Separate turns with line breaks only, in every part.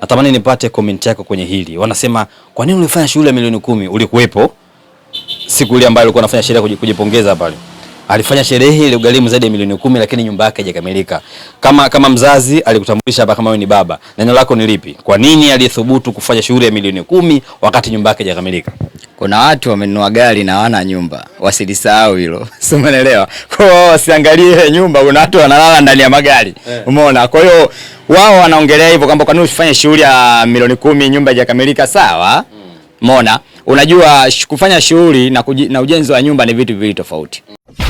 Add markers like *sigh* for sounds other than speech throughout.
Natamani nipate comment yako kwenye hili. Wanasema kwa nini ulifanya shughuli ya milioni kumi? Ulikuwepo siku ile ambayo alikuwa anafanya sherehe kujipongeza pale. Alifanya sherehe ile ugalimu zaidi ya milioni kumi lakini nyumba yake haijakamilika. Kama kama mzazi alikutambulisha hapa kama wewe ni baba. Neno lako ni lipi? Kwa nini alithubutu kufanya shughuli ya milioni kumi wakati nyumba yake haijakamilika?
Kuna watu wamenunua gari na hawana nyumba. Wasilisahau hilo. *laughs* Sio umeelewa? Kwa hiyo wasiangalie nyumba, kuna watu wanalala ndani ya magari. Eh. Umeona? Kwa hiyo wao wanaongelea hivyo kwamba kwa nini usifanye shughuli ya milioni kumi nyumba haijakamilika sawa. Mona mm. Unajua kufanya shughuli na, na ujenzi wa nyumba ni vitu viwili tofauti mm.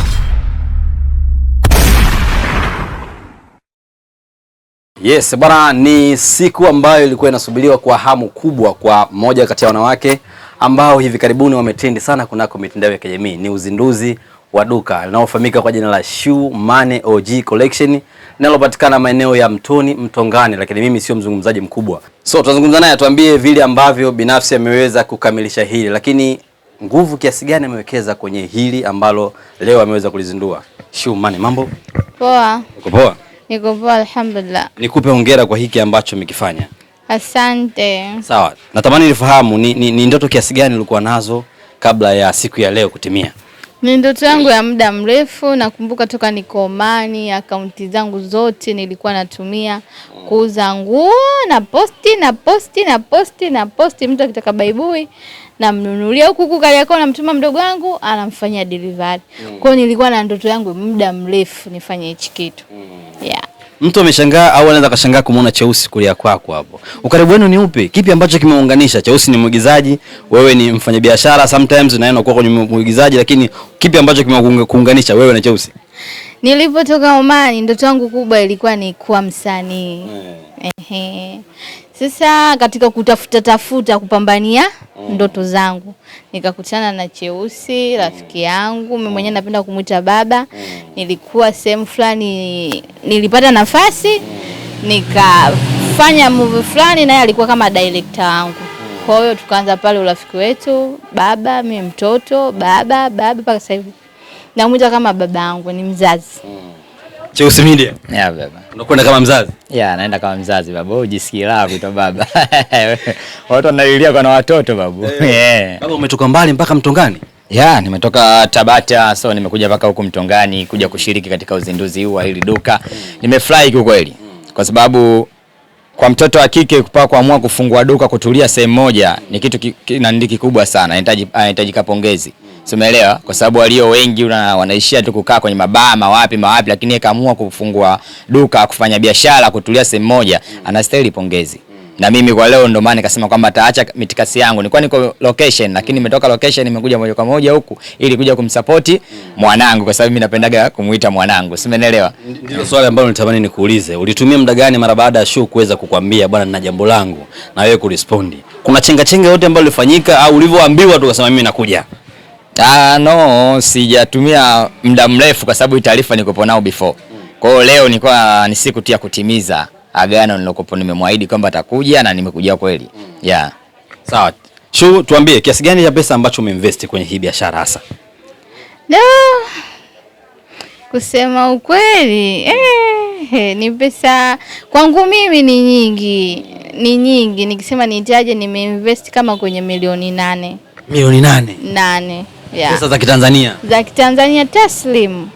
Yes, bwana, ni siku ambayo ilikuwa inasubiriwa kwa hamu kubwa kwa moja kati ya wanawake ambao hivi karibuni wametendi sana kunako mitandao ya kijamii, ni uzinduzi wa duka linalofahamika kwa jina la Shoe Money OG Collection linalopatikana maeneo ya Mtoni Mtongani, lakini mimi sio mzungumzaji mkubwa, so tutazungumza naye atuambie vile ambavyo binafsi ameweza kukamilisha hili, lakini nguvu kiasi gani amewekeza kwenye hili ambalo leo ameweza kulizindua. Shoe Money, mambo poa? Uko poa?
Niko poa, alhamdulillah.
Nikupe hongera kwa hiki ambacho umekifanya.
Asante.
Sawa, natamani nifahamu ni, ni, ni ndoto kiasi gani ulikuwa nazo kabla ya siku ya leo kutimia?
Ni ndoto yangu ya muda mrefu. Nakumbuka toka niko Omani, akaunti zangu zote nilikuwa natumia kuuza nguo na posti na posti na posti na posti. Mtu akitaka baibui namnunulia huku huku Kariakoo, namtuma mdogo wangu anamfanyia delivery. Mm. Kwa hiyo nilikuwa na ndoto yangu muda mrefu nifanye hichi kitu mm.
yeah. Mtu ameshangaa au anaweza kashangaa kumuona Cheusi kulia kwako hapo. Ukaribu wenu ni upi? Kipi ambacho kimeunganisha? Cheusi ni mwigizaji, wewe ni mfanyabiashara, sometimes unaenda kwa kwenye mwigizaji, lakini kipi ambacho kimekuunganisha wewe na Cheusi?
Nilipotoka Omani, ndoto yangu kubwa ilikuwa ni kuwa msanii. Eh. Ehe. Sasa katika kutafuta tafuta kupambania mm. ndoto zangu nikakutana na Cheusi rafiki yangu, mimi mwenyewe mm. napenda kumwita baba mm. nilikuwa sehemu fulani, nilipata nafasi mm. nikafanya movie fulani, naye alikuwa kama director wangu. Mm. Kwa hiyo tukaanza pale urafiki wetu, baba mimi mtoto, baba baba, mpaka sasa hivi namwita kama baba yangu, ni mzazi mm.
Cheusi Media. Yeah, baba. Unakwenda kama mzazi?
Yeah, naenda kama mzazi baba. Wewe ujisikie raha kuitwa baba. *laughs* Watu wanalilia kwa na watoto babu. Eh. *laughs*
yeah. Baba umetoka mbali mpaka Mtongani?
Yeah, nimetoka Tabata so nimekuja mpaka huku Mtongani kuja kushiriki katika uzinduzi huu wa hili duka. Nimefurahi kwa kweli. Kwa sababu kwa mtoto wa kike kupaa kuamua kufungua duka kutulia sehemu moja ni kitu kinaandiki kikubwa sana. Anahitaji anahitaji kapongezi. Umeelewa? Kwa sababu walio wengi una, wanaishia tu kukaa kwenye mabaa mawapi mawapi, lakini akaamua kufungua duka, kufanya biashara, kutulia sehemu moja, anastahili pongezi. Na mimi kwa leo ndo maana nikasema kwamba taacha mitikasi yangu. Nilikuwa niko location lakini nimetoka location nimekuja moja kwa moja huku ili kuja kumsupport mwanangu kwa sababu mimi napendaga kumuita mwanangu. Si umeelewa?
Ndilo swali ambalo nitamani nikuulize. Ulitumia muda gani mara baada ya show kuweza kukwambia bwana, nina jambo langu na wewe kurespondi? Kuna chenga chenga yote ambayo ilifanyika au ulivyoambiwa tu ukasema mimi nakuja?
Tano ah, sijatumia muda mrefu kwa sababu taarifa nilikuwa nao before. Kwa hiyo leo nilikuwa ni siku tu ya kutimiza agano nilokuwa nimemwahidi kwamba atakuja na nimekuja kweli. Yeah. Sawa. Shu, tuambie kiasi gani cha pesa ambacho umeinvest kwenye hii biashara hasa?
No. Kusema ukweli eh, eh, ni pesa kwangu mimi ni nyingi, ni nyingi. Nikisema nitaje, nimeinvest kama kwenye milioni nane.
Milioni nane? Nane yeah. Pesa za Kitanzania
za Kitanzania taslim mm.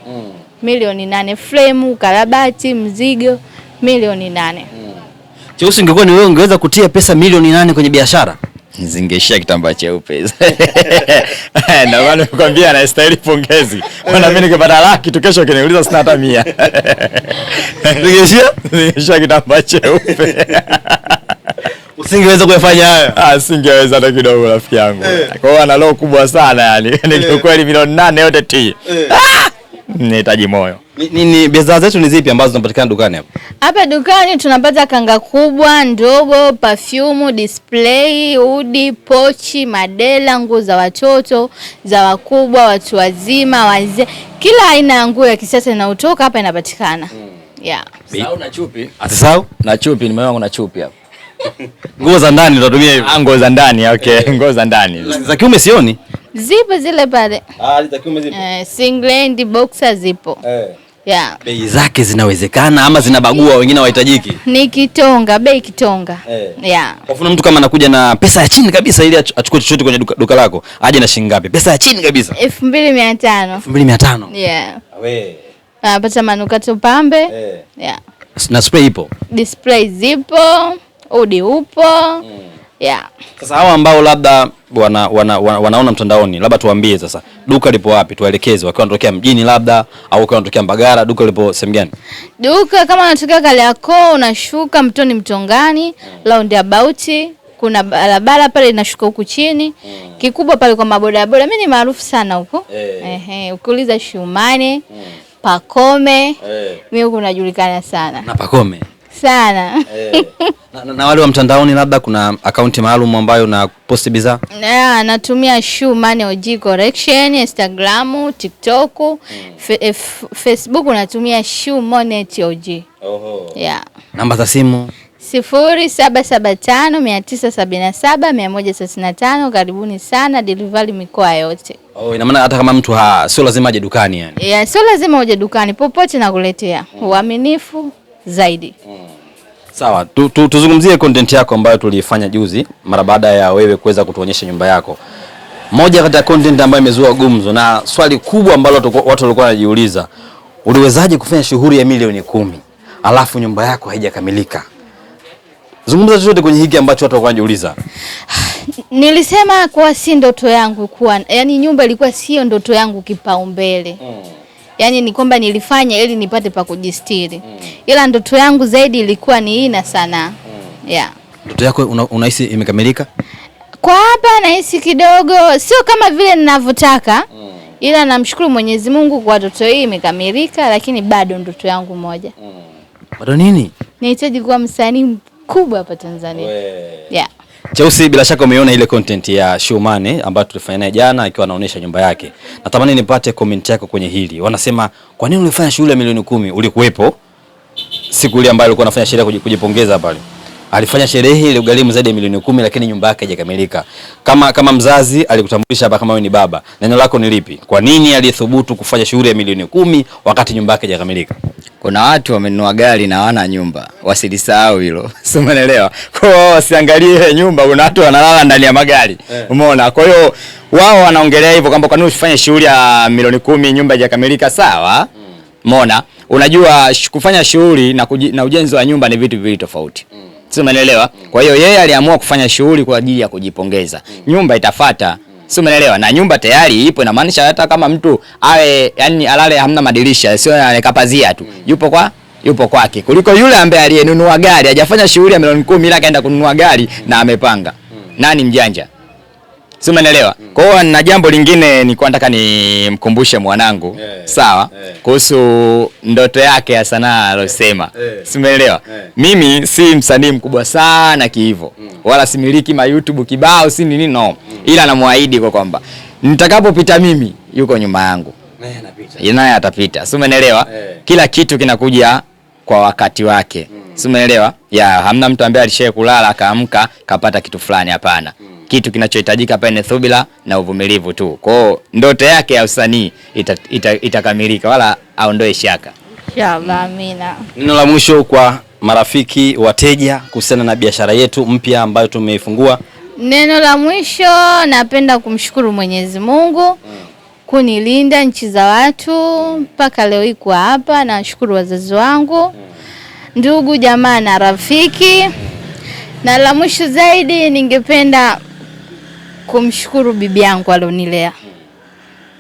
milioni nane, fremu, karabati, mzigo milioni nane mm.
Cheusi, ungekuwa ni wewe ungeweza kutia pesa milioni nane kwenye biashara?
Zingeishia kitambaa cheupe *laughs* na maana nikwambia, anastahili pongezi, maana mimi nikipata laki tu kesho kiniuliza sina hata mia. Zingeishia *laughs* zingeishia kitambaa cheupe *laughs*
singeweza kuyafanya hayo.
Ah, singeweza hata kidogo rafiki yangu. eh. Kwa hiyo ana roho kubwa sana yani. *laughs* Ni eh. kweli milioni nane yote tii. Eh. Ah! Nihitaji moyo.
ni, ni, ni bidhaa zetu ni zipi ambazo zinapatikana dukani hapa?
Hapa dukani tunapata kanga kubwa, ndogo, perfume, display, udi, pochi, madela, nguo za watoto, za wakubwa, watu wazima, wazee. Kila aina ya nguo ya kisasa inayotoka hapa inapatikana. Mm. Yeah.
Sasa na chupi.
Asisahau na chupi, nimeona kuna chupi hapa. *laughs* nguo za ndani tutatumia hivi. Ah, nguo za ndani okay, eh. nguo za ndani
za kiume sioni.
Zipo zile pale.
Ah, za kiume zipo. Eh,
singlet, boxer zipo. Eh. Yeah.
Bei zake zinawezekana ama zinabagua wengine hawahitajiki?
Ni kitonga, bei kitonga. Eh. Yeah.
Kwa mtu kama anakuja na pesa ya chini kabisa ili achukue chochote kwenye duka, duka lako, aje na shilingi ngapi? Pesa ya chini kabisa.
2500.
2500.
Yeah. Wewe. Ah, manukato pambe. Eh.
Yeah. Na spray ipo?
Display zipo udi oh, upo mm. yeah.
Sasa hawa ambao labda wana, wana, wana, wanaona mtandaoni labda tuambie sasa duka lipo wapi, tuwaelekeze wakiwa wanatokea mjini labda au wakiwa wanatokea Mbagara, duka lipo sehemu gani?
Duka kama wanatokea Kariakoo unashuka mtoni Mtongani mm. round about kuna barabara pale inashuka huku chini mm. kikubwa pale kwa mabodaboda, mimi ni maarufu sana huko hey. Eh. Ehe, ukiuliza Shumane mm. Pakome hey. Eh. mimi huko najulikana sana na Pakome sana eh.
Na, na, na wale wa mtandaoni labda kuna akaunti maalum ambayo na posti bidhaa
yeah, natumia Shoe Money OG Collection, Instagram, TikTok, mm. fe, eh, Facebook natumia Shoe Money OG. Oho.
Yeah. Namba za simu
sifuri saba saba tano mia tisa sabini na saba mia moja thelathini na tano. Karibuni sana delivery mikoa yote.
Oh, ina maana hata kama mtu sio lazima aje dukani yani.
Yeah, sio lazima uje dukani, popote nakuletea. Hmm. Uaminifu zaidi mm.
Sawa, tu, tu, tuzungumzie content yako ambayo tuliifanya juzi mara baada ya wewe kuweza kutuonyesha nyumba yako. Moja kati ya content ambayo imezua gumzo na swali kubwa ambalo watu walikuwa wanajiuliza, uliwezaje kufanya shughuli ya milioni kumi alafu nyumba yako haijakamilika? Zungumza chochote kwenye hiki ambacho watu walikuwa wanajiuliza.
*sighs* Nilisema kwa si ndoto yangu kuwa, yani nyumba ilikuwa sio ndoto yangu kipaumbele mm yani ni kwamba nilifanya ili nipate pa kujistiri mm. ila ndoto yangu zaidi ilikuwa ni hii na sanaa mm. yeah.
Ndoto yako unahisi una imekamilika?
Kwa hapa nahisi kidogo sio kama vile ninavyotaka mm. ila namshukuru Mwenyezi Mungu kwa ndoto hii imekamilika, lakini bado ndoto yangu moja mm. bado nini, nahitaji kuwa msanii mkubwa hapa Tanzania
yeah. Cheusi, bila shaka umeona ile content ya Shumane ambayo tulifanya naye jana akiwa anaonyesha nyumba yake. Natamani nipate comment yako kwenye hili. Wanasema kwa nini ulifanya shughuli ya milioni kumi? Ulikuwepo siku ile ambayo alikuwa anafanya sherehe kujipongeza pale. Alifanya sherehe ile ugalimu zaidi ya milioni kumi lakini nyumba yake haijakamilika. Kama kama mzazi alikutambulisha hapa kama wewe ni baba. Neno lako ni lipi? Kwa nini alithubutu kufanya shughuli ya milioni kumi wakati nyumba yake haijakamilika?
kuna watu wamenunua gari na hawana nyumba, wasilisahau hilo, *laughs* si umeelewa? Kwa hiyo wasiangalie ile nyumba, kuna watu wanalala ndani ya magari yeah. Umeona, kwa hiyo wao wanaongelea hivyo kwamba kwa nini usifanye shughuli ya milioni kumi nyumba haijakamilika, sawa? Mm. Umeona mm. Unajua kufanya shughuli na, na ujenzi wa nyumba ni vitu viwili tofauti mm. si umeelewa? Mm. Kwa hiyo yeye aliamua kufanya shughuli kwa ajili ya kujipongeza mm. nyumba itafata mm si umeelewa? Na nyumba tayari ipo, inamaanisha hata kama mtu awe yani alale hamna madirisha, sio kapazia tu, mm. yupo kwa yupo kwake, kuliko yule ambaye aliyenunua gari hajafanya shughuli ya milioni 10 ila akaenda kununua gari mm. na amepanga. Mm. Nani mjanja? si umeelewa? Mm. Kwa hiyo na jambo lingine nilikuwa nataka nimkumbushe mwanangu yeah, sawa yeah, kuhusu ndoto yake ya sanaa alosema eh, yeah, yeah, si umeelewa? Yeah. Mimi si msanii mkubwa sana kihivyo mm. wala similiki ma YouTube kibao si nini no mm. ila namwahidi kwa kwamba nitakapopita mimi yuko nyuma yangu naye yeah, atapita, si umeelewa? Yeah. Kila kitu kinakuja kwa wakati wake mm. si umeelewa? ya hamna mtu ambaye alishaye kulala akaamka kapata kitu fulani, hapana mm kitu kinachohitajika pale ni thubira na uvumilivu tu. Kwao ndoto yake ya usanii itakamilika, ita, ita wala aondoe shaka
inshallah. Amina.
Neno la mwisho kwa marafiki, wateja kuhusiana na biashara yetu mpya ambayo tumeifungua.
Neno la mwisho, napenda kumshukuru Mwenyezi Mungu kunilinda nchi za watu mpaka leo hii kwa hapa. Nashukuru wazazi wangu ndugu jamaa na rafiki. Na la mwisho zaidi ningependa kumshukuru bibi yangu alionilea,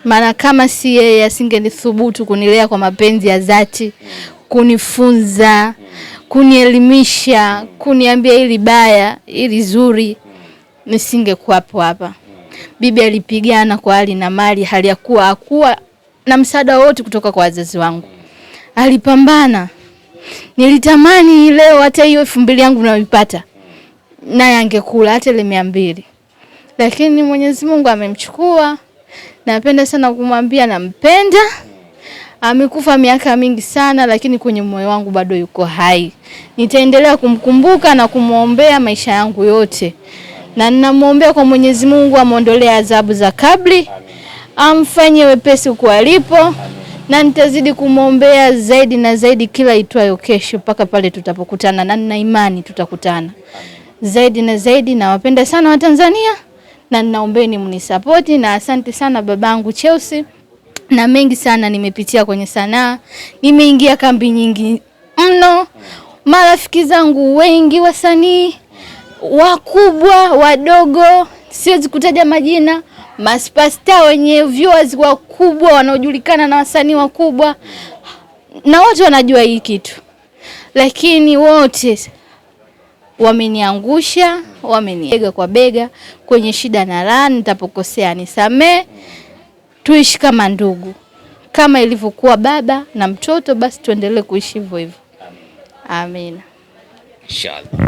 maana kama si yeye asingenithubutu kunilea kwa mapenzi ya dhati, kunifunza, kunielimisha, kuniambia ili baya ili zuri, nisingekuwapo hapa. Bibi alipigana kwa hali na mali, hali ya kuwa hakuwa na msaada wowote kutoka kwa wazazi wangu, alipambana. Nilitamani leo hata hiyo elfu mbili yangu nayoipata naye angekula hata ile mia mbili lakini Mwenyezi Mungu amemchukua. Napenda sana kumwambia nampenda. Amekufa miaka mingi sana, lakini kwenye moyo wangu bado yuko hai. Nitaendelea kumkumbuka na kumwombea maisha yangu yote, na ninamwombea kwa Mwenyezi Mungu amwondolee adhabu za kabri, amfanye wepesi huko alipo, na nitazidi kumwombea zaidi na zaidi kila itwayo kesho, mpaka pale tutapokutana, na nina imani tutakutana zaidi na zaidi. Nawapenda sana Watanzania na ninaombeni mnisapoti, na asante sana babangu Chelsea. Na mengi sana nimepitia kwenye sanaa, nimeingia kambi nyingi mno, marafiki zangu wengi wasanii wakubwa wadogo, siwezi kutaja majina, maspasta wenye viewers wakubwa wanaojulikana na wasanii wakubwa, na wote wanajua hii kitu, lakini wote wameniangusha wameni kwa bega kwenye shida na raha. Nitapokosea nisamee, tuishi kama ndugu, kama ilivyokuwa baba na mtoto, basi tuendelee kuishi hivyo hivyo. Amina, inshallah.